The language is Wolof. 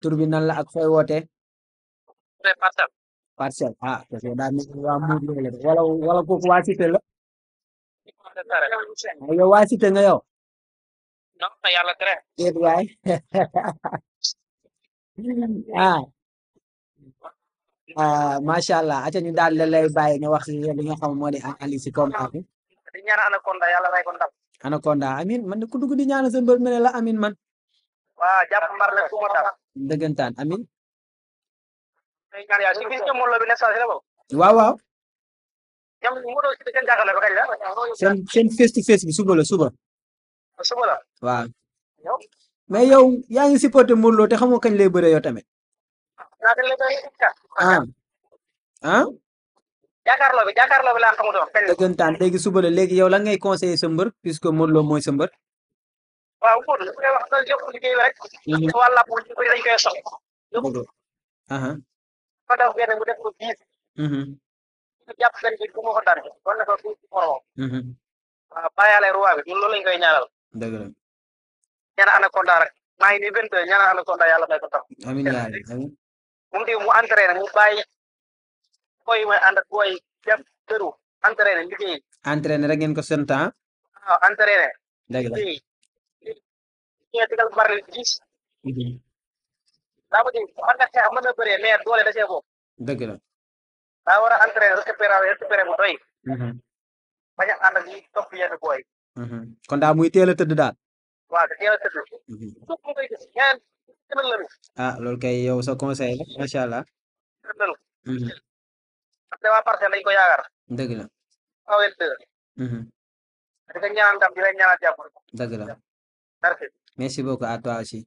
tur bi nan la ak fooy wootee parcelle ah parce que daa la wala wala kooku waa cité la yow waa cité nga yow non waay ah. ah macha allah aca ñu daal la lay bàyyi wax li nga xam moo di analyse si combat man ne ku ñaan sa mbër mene la amin man waaw jàpp mbar nag du ma tax. dëggantaan bi la boobu. waaw waaw. bi suba la suba. suba la. waaw. mais yow yaa ngi supporté Modou Lo te xamoo kañ lay bëree yow tamit. ah. ah. jàkkaarloo bi jàkkaarloo bi laa xamutoon. dëggantaan léegi suba la léegi yow lan ngay conseiller sa mbër puisque Modou mooy sa mbër. waaw Modou li ngay wax daal yëpp liggéey mhm. la rek. waa làmb ñu bëri dañ koy soxla. Modou. dafa def benn mu def ko dix. Mhm. ñu jàpp benn ko daan doon na ko tuuti mhm. lañ koy ñaanal. dëgg la. ñaanal anaconda rek maa ngi nii vingt deux ñaanal may ko tax. amiin yaa mu ngi mu entraîné mu bàyyi booy mooy ànd ak booy jàpp rek ngeen ko seen temps. waaw ñu tegal bar gis mhm. daa ma di mën nga xeex mën na bëree mais doole da bu doy mhm. bañ a ànd ak mhm. kon daa muy teel tëdd daal waaw da teel tëdd ah loolu kay yow sa conseil la allah tënal parce waa parcelle lañ ko yaakaar dëgg awel deux di ko ñaanal ndam di leen ñaanal jàpp dëgg la Merci beaucoup à toi aussi.